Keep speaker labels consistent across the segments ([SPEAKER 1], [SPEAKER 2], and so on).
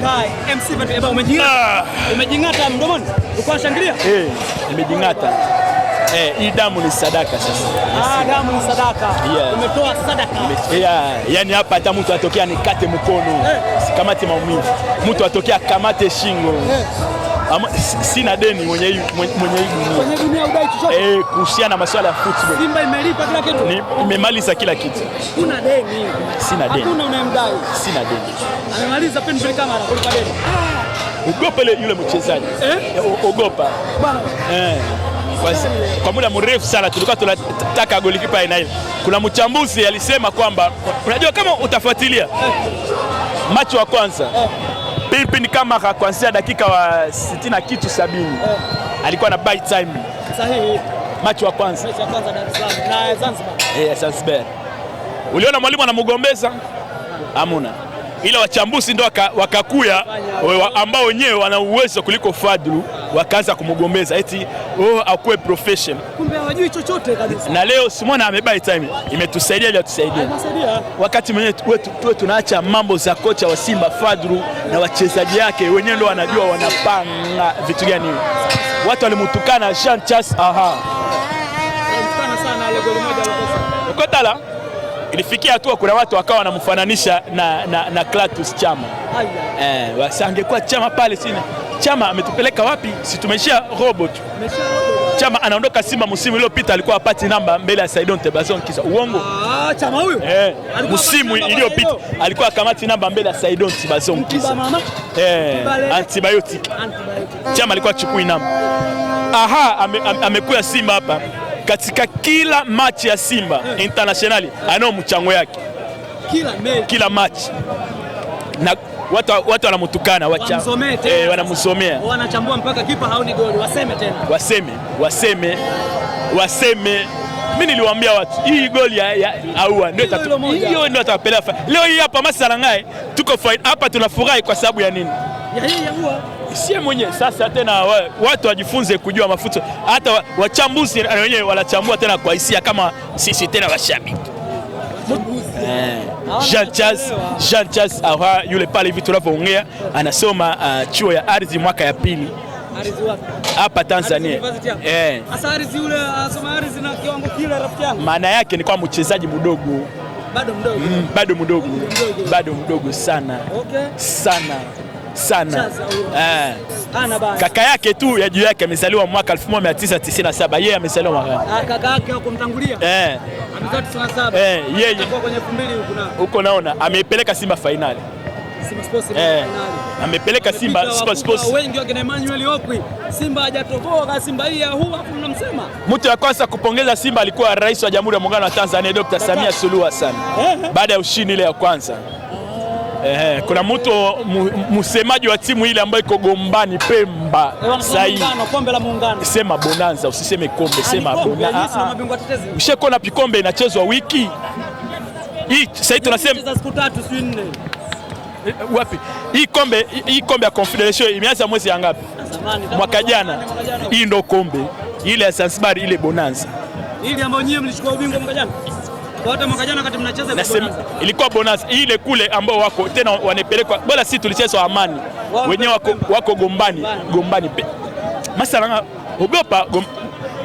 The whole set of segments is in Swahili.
[SPEAKER 1] Kai MC Vete baba, umejingata ah. umejingata mdomoni, uko unashangilia
[SPEAKER 2] eh, umejingata eh. Hii damu ni sadaka sasa.
[SPEAKER 1] Ah, damu ni sadaka, umetoa sadaka
[SPEAKER 2] yeah. Yani hapa hata mtu atokea nikate mkono, eh. kamate maumivu, mtu atokea kamate shingo eh ama, sina deni mwenye hii mwenye hii dunia
[SPEAKER 1] mwenye dunia udai chochote
[SPEAKER 2] eh, kuhusiana na masuala ya football.
[SPEAKER 1] Simba imelipa kila kitu,
[SPEAKER 2] imemaliza kila kitu.
[SPEAKER 1] Kuna deni? Sina deni. Hakuna unayemdai? Sina deni. Amemaliza pen penalty kama anakulipa deni.
[SPEAKER 2] Ogopa ile yule mchezaji eh, ogopa bwana eh kwa, kwa muda mrefu sana tulikuwa tunataka golikipa aina hiyo. Kuna mchambuzi alisema kwamba unajua, kama utafuatilia eh. macho wa kwanza eh. Pilipini kama kuanzia dakika wa sitini na kitu sabini eh, alikuwa na buy time sahihi, macho wa kwanza
[SPEAKER 1] na Zanzibar
[SPEAKER 2] eh, Zanzibar. Uliona mwalimu anamugombeza hamuna, ila wachambuzi ndo wakakuya waka ambao wenyewe wana uwezo kuliko Fadlu wakaanza kumgombeza eti oh, akuwe profession,
[SPEAKER 1] kumbe hawajui chochote kabisa.
[SPEAKER 2] Na leo simona amebai time, imetusaidia atusaidia, wakati mwenyewe tuwe tunaacha mambo za kocha wa Simba Fadru na wachezaji wake wenyewe ndio wanajua wanapanga vitu gani. Watu walimutukana Jean Charles, aha Kotala ilifikia hatua kuna watu wakawa wanamfananisha na, na, na Clatus Chama eh, wasangekuwa Chama pale sini Chama ametupeleka wapi? Si tumeshia robo Chama anaondoka Simba msimu iliyopita alikuwa apati namba mbele ya Saidon Tebazon kisa uongo. Ah, Chama huyo? Eh. Msimu iliyopita alikuwa akamati namba mbele ya Saidon Tebazon kisa. Eh, antibiotic. Chama alikuwa chukui namba. Aha, amekuwa Simba hapa katika kila match ya Simba eh. internationally anao mchango yake kila mechi, kila na watu watu wanamutukana eh, wanamsomea
[SPEAKER 1] wanachambua mpaka kipa haoni goli, waseme tena,
[SPEAKER 2] waseme waseme waseme mi niliwaambia watu hii goli ya, ya, aua hiyo ndio atapelea leo hii hapa masala tuko tuko hapa tunafurahi kwa sababu ya nini?
[SPEAKER 1] ya hii ya aua
[SPEAKER 2] sie mwenye sasa tena wa, watu wajifunze kujua mafuta hata wachambuzi wenyewe wanachambua tena kwa hisia kama sisi tena washabiki Eh. Jean Charles Jean Charles awa yule pale hivi tunavyoongea anasoma uh, chuo ya ardhi mwaka ya pili hapa Tanzania. Eh.
[SPEAKER 1] Uh,
[SPEAKER 2] Maana yake ni kwa mchezaji mdogo
[SPEAKER 1] bado mdogo, mm,
[SPEAKER 2] bado mdogo bado mdogo sana okay, sana sana eh. Kaka yake tu ya juu yake amezaliwa mwaka 1997 yeye amezaliwa
[SPEAKER 1] mwaka ah, kaka yake mtangulia
[SPEAKER 2] eh eh, yeye huko naona ameipeleka Simba finali Simba Sports eh. finali, amepeleka Simba Sports Sports
[SPEAKER 1] wengi wa kina Emmanuel Okwi, Simba hajatoboa, Simba hii hu hapo mnamsema.
[SPEAKER 2] Mtu wa kwanza kupongeza Simba alikuwa rais wa Jamhuri ya Muungano wa Tanzania Dr. Samia Suluhu Hassan eh, eh. baada ya ushindi ile ya kwanza Eh, kuna mtu msemaji wa timu ile ambayo iko Gombani Pemba sahi, sema bonanza, usiseme kombe, ah, sema bonanza. Ushekona pikombe inachezwa wiki hii sasa tunasema siku siku tatu nne. Eh, wapi hii kombe, hii kombe ya Confederation imeanza mwezi ya ngapi? Mwaka jana. Hii ndo kombe ile ya Zanzibar ile bonanza,
[SPEAKER 1] ile ambayo nyinyi mlichukua ubingwa mwaka jana
[SPEAKER 2] ilikuwa bonus ile kule ambao wako tena wanepelekwa, bora si tulicheza amani wenyewe wako, wako gombani gombani pe masala ogopa gom,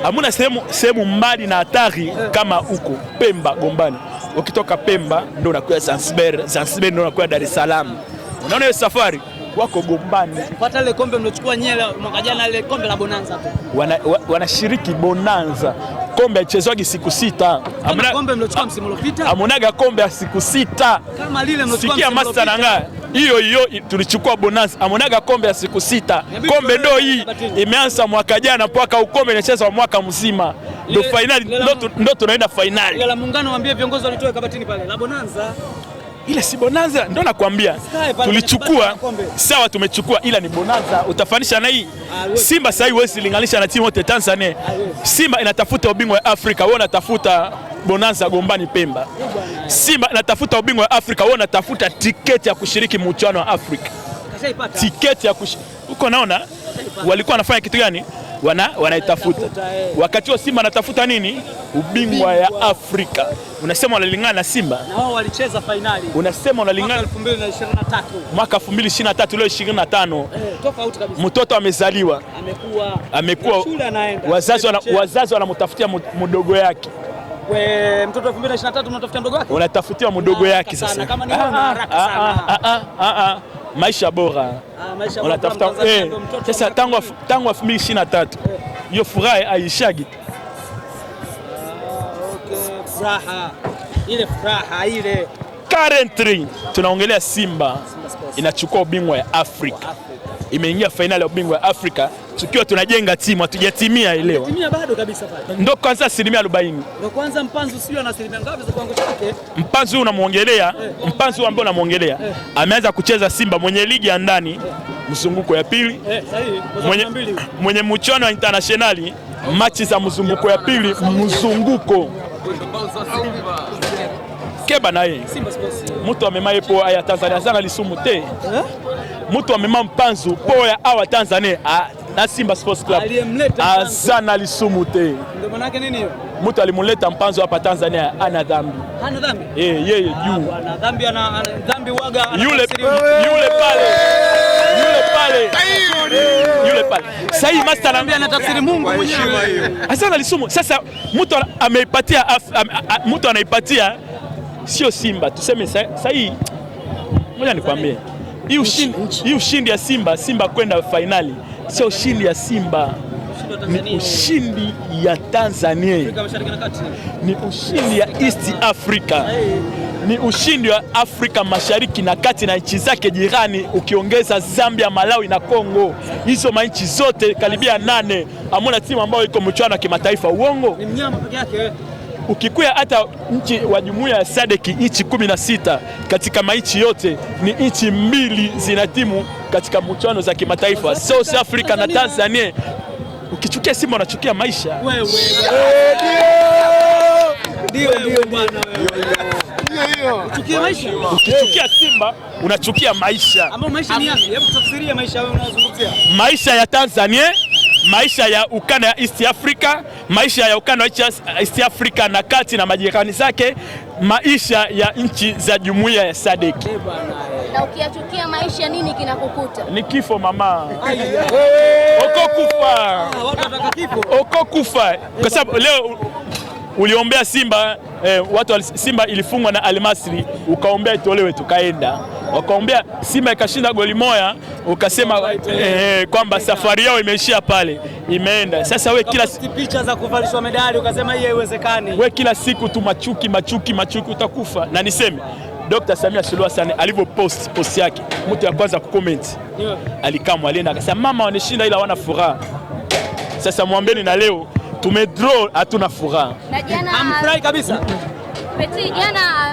[SPEAKER 2] amuna sehemu sehemu mbali na hatari kama huko Pemba gombani, ukitoka Pemba ndio unakuwa Zanzibar, Zanzibar ndio unakuwa Dar es Salaam. Unaona hiyo safari wako gombani.
[SPEAKER 1] pata ile kombe mlochukua nyewe mwaka jana, ile kombe la bonanza
[SPEAKER 2] tu wanashiriki wana bonanza kombe haichezwagi siku sita. Amuna,
[SPEAKER 1] kombe msimu
[SPEAKER 2] Amunaga kombe ya siku sita.
[SPEAKER 1] Kama lile mliochukua
[SPEAKER 2] msimu uliopita. Sikia hiyo hiyo tulichukua bonus. Amunaga kombe ya siku sita. Kombe ndo hii imeanza mwaka jana mpaka ukombe inachezwa mwaka mzima. Ndo finali ndo tunaenda finali.
[SPEAKER 1] Ila muungano waambie viongozi walitoe kabatini pale. La bonanza
[SPEAKER 2] ile si bonanza, ndo nakwambia tulichukua. Sawa, tumechukua ila ni bonanza. Utafanisha na hii ah, Simba sasa hivi, wewe linganisha na timu yote Tanzania. Ah, Simba inatafuta ubingwa wa Afrika, wewe unatafuta bonanza Gombani Pemba. Simba inatafuta ubingwa wa Afrika, wewe unatafuta tiketi ya kushiriki mchuano wa Afrika, tiketi ya kushiriki. Uko naona walikuwa wanafanya kitu gani? wana wanaitafuta wakati huo Simba anatafuta nini? Ubingwa ya Afrika. Unasema unalingana na Simba
[SPEAKER 1] na wao walicheza finali,
[SPEAKER 2] unasema unalingana mwaka 2023 leo 25, eh, tofauti kabisa. Mtoto amezaliwa amekuwa amekuwa, wazazi wana, wazazi wanamtafutia mdogo yake
[SPEAKER 1] We, mtoto 2023 unatafutia mdogo wake, unatafutia mdogo yake sasa. kama ni haraka ah, ah, sana ah, Ah, maisha bora unatafuta. Eh, sasa tangu elfu mbili ishirini na tatu hiyo furaha haishagi ah, ile furaha ile. Currently tunaongelea Simba, Simba inachukua ubingwa ya Afrika, imeingia fainali ya ubingwa ya Afrika tukiwa tunajenga timu, hatujatimia leo. Ndio kwanza asilimia arobaini. Ndio kwanza Mpanzu sio ngapi za Mpanzu unamwongelea, eh. Mpanzu ambaye unamwongelea eh. ameanza kucheza Simba mwenye ligi ya ndani eh. mzunguko ya pili, mwenye, mwenye mchuano wa internationali, machi za mzunguko ya pili, mzunguko keba na ye mutu amema ye mpo aya tanzania aza lisumu te mutu amema mpanzu mpo ya awa tanzania na simba sports club aza na lisumu te mutu alimuleta mpanzu hapa tanzania ana dhambi yeye yule pale yule pale sahi master anaambia anatafsiri Mungu mwenyewe. Asana lisumu sasa, mtu ameipatia mtu anaipatia sio Simba, tuseme sahii hii, moja nikwambie hii ushindi, hii ushindi ya Simba Simba kwenda fainali sio ushindi ya Simba, ni ushindi ya Tanzania, ni ushindi ya East Africa, ni ushindi wa Afrika Mashariki na Kati na nchi zake jirani, ukiongeza Zambia, Malawi na Kongo. Hizo manchi zote karibia nane, amona timu ambayo iko mchuano wa kimataifa. Uongo ni mnyama peke yake ukikuya hata nchi wa jumuiya ya Sadeki nchi kumi na sita katika maichi yote ni nchi mbili zina timu katika mchuano za kimataifa South Africa na Tanzania. Ukichukia Simba unachukia maisha. Ukichukia Simba unachukia maisha. maisha Maisha ya Tanzania maisha ya ukanda ya East Africa, maisha ya ukanda wa East Africa na kati na majirani zake, maisha ya nchi za jumuiya ya SADC. Na ukiyachukia maisha, nini kinakukuta? Ni kifo mama. Okokufa, kufa. kwa sababu leo uliombea Simba eh, watu Simba ilifungwa na Almasri, ukaombea itolewe, tukaenda wakaombea Simba ikashinda goli moja, ukasema eh, kwamba safari yao imeishia pale, imeenda sasa. We kila picha za kuvalishwa medali ukasema hii haiwezekani, we kila siku tu machuki machuki machuki, utakufa. Na niseme Dr. Samia Suluhu Hassan alivyopost post yake, mtu ya kwanza kucomment alikamwa, alienda akasema mama wanishinda, ila wana furaha. Sasa mwambeni na leo tumedraw, hatuna furaha. Amfurahi kabisa Peti, jana